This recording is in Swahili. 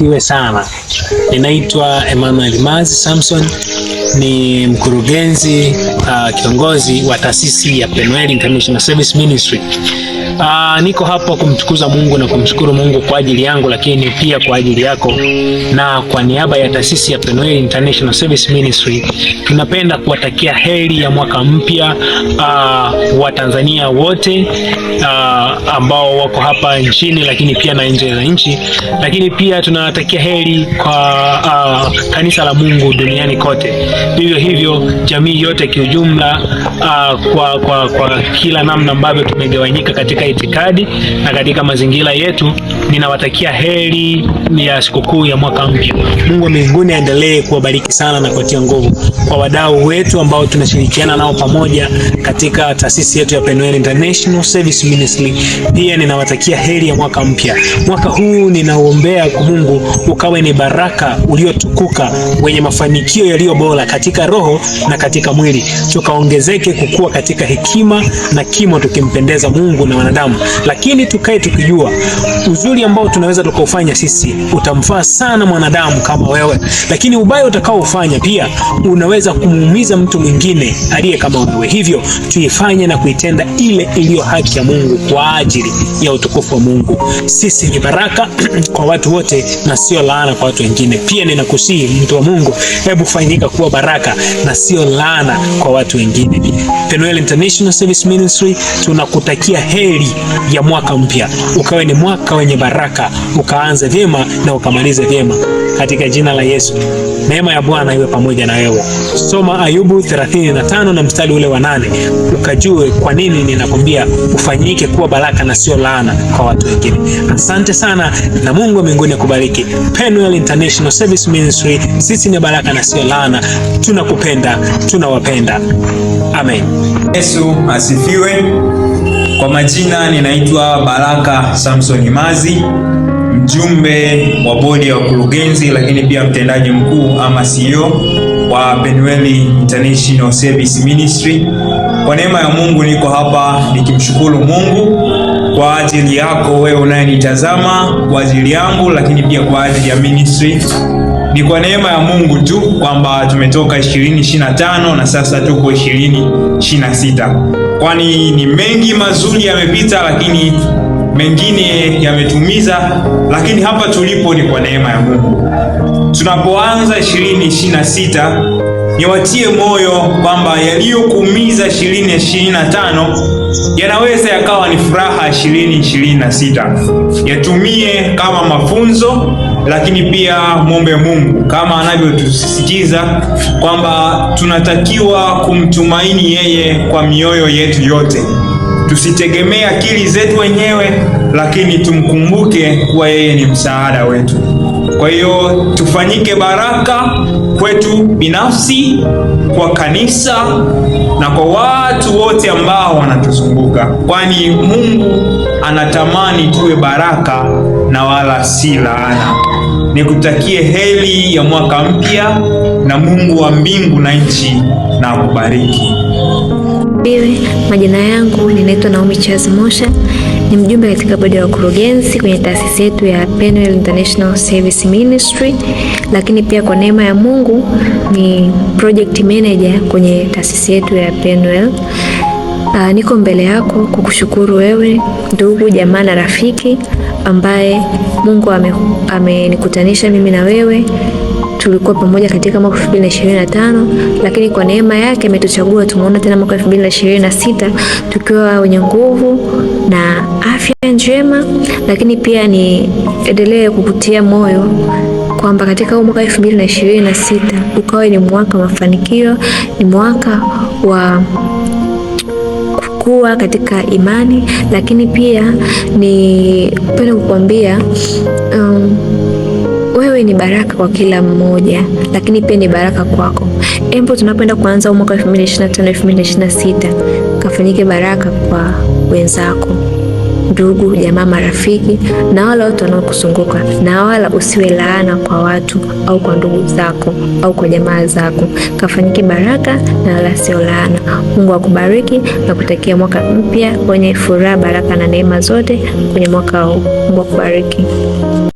Asifiwe sana. Ninaitwa Emmanuel Mazi Samson, ni mkurugenzi uh, kiongozi wa taasisi ya Penuel International Service Ministry. Aa, ah, niko hapa kumtukuza Mungu na kumshukuru Mungu kwa ajili yangu, lakini pia kwa ajili yako, na kwa niaba ya taasisi ya Penuel International Service Ministry tunapenda kuwatakia heri ya mwaka mpya ah, Watanzania wote aa, ah, ambao wako hapa nchini, lakini pia na nje ya nchi, lakini pia tunawatakia heri kwa aa, kanisa la Mungu duniani kote, vivyo hivyo jamii yote kiujumla, kwa, kwa, kwa kila namna ambavyo tumegawanyika katika itikadi na katika mazingira yetu. Ninawatakia heri ya sikukuu ya mwaka mpya. Mungu wa mbinguni aendelee kuwabariki sana na kuwatia nguvu. Kwa wadau wetu ambao tunashirikiana nao pamoja katika taasisi yetu ya Penuel International Service Ministry, pia ninawatakia heri ya mwaka mpya. Mwaka huu ninauombea kwa Mungu ukawe ni baraka uliotukuka wenye mafanikio yaliyo bora katika roho na katika mwili, tukaongezeke kukua katika hekima na kimo, tukimpendeza Mungu na wanadamu binadamu, lakini tukae tukijua uzuri ambao tunaweza tukaufanya sisi utamfaa sana mwanadamu kama wewe, lakini ubaya utakaofanya pia unaweza kumuumiza mtu mwingine aliye kama wewe. Hivyo tuifanye na kuitenda ile iliyo haki ya Mungu kwa ajili ya utukufu wa Mungu. Sisi ni baraka kwa watu wote na sio laana kwa watu wengine. Pia ninakusihi mtu wa Mungu, hebu fanyika kuwa baraka na sio laana kwa watu wengine. Penuel International Service Ministry tunakutakia heri heri ya mwaka mpya, ukawe ni mwaka wenye baraka, ukaanze vyema na ukamalize vyema katika jina la Yesu. Neema ya Bwana iwe pamoja na wewe. Soma Ayubu 35 na mstari ule wa nane ukajue kwa nini ninakwambia ufanyike kuwa baraka na sio laana kwa watu wengine. Asante sana na Mungu wa mbinguni akubariki. Penuel International Service Ministry, sisi ni baraka na sio laana. Tunakupenda, tunawapenda. Amen. Yesu asifiwe. Kwa majina ninaitwa Baraka Samson Mazi, mjumbe wa bodi ya wakurugenzi, lakini pia mtendaji mkuu ama CEO wa Penueli International Service Ministry. Kwa neema ya Mungu niko hapa nikimshukuru Mungu kwa ajili yako wewe unayenitazama, kwa ajili yangu, lakini pia kwa ajili ya ministry. Ni kwa neema ya Mungu tu kwamba tumetoka 2025 na sasa tuko 2026 kwani ni mengi mazuri yamepita, lakini mengine yametumiza, lakini hapa tulipo ni kwa neema ya Mungu. Tunapoanza 2026 niwatie moyo kwamba yaliyokuumiza 2025 yanaweza yakawa ni furaha 2026. Yatumie kama mafunzo, lakini pia mwombe Mungu kama anavyotusisitiza kwamba tunatakiwa kumtumaini yeye kwa mioyo yetu yetu yote, tusitegemee akili zetu wenyewe, lakini tumkumbuke kuwa yeye ni msaada wetu. Kwa hiyo tufanyike baraka kwetu binafsi, kwa kanisa na kwa watu wote ambao wanatuzunguka, kwani Mungu anatamani tuwe baraka na wala si laana. Nikutakie heri ya mwaka mpya, na Mungu wa mbingu na nchi na kubariki. Bibi, majina yangu ninaitwa Naomi Charles Mosha, ni mjumbe katika bodi ya wakurugenzi kwenye taasisi yetu ya Penuel International Service Ministry, lakini pia kwa neema ya Mungu ni project manager kwenye taasisi yetu ya Penuel. Uh, ah, niko mbele yako kukushukuru wewe ndugu jamaa na rafiki ambaye Mungu amenikutanisha ame mimi na wewe tulikuwa pamoja katika mwaka 2025 lakini kwa neema yake ametuchagua tumeona tena mwaka 2026 tukiwa wenye nguvu na afya njema, lakini pia ni endelee kukutia moyo kwamba katika huu mwaka 2026 ukawe ni mwaka wa mafanikio, ni mwaka wa kukua katika imani, lakini pia ni nipende kukuambia um, wewe ni baraka kwa kila mmoja, lakini pia ni baraka kwako. Embo, tunapoenda kuanza mwaka 2025 2026, kafanyike baraka kwa wenzako, ndugu, jamaa, marafiki na wale watu wanaokuzunguka, na wala usiwe laana kwa watu au kwa ndugu zako au kwa jamaa zako. Kafanyike baraka na wala sio laana. Mungu akubariki na kutakia mwaka mpya wenye furaha, baraka na neema zote kwenye mwaka huu. Mungu akubariki.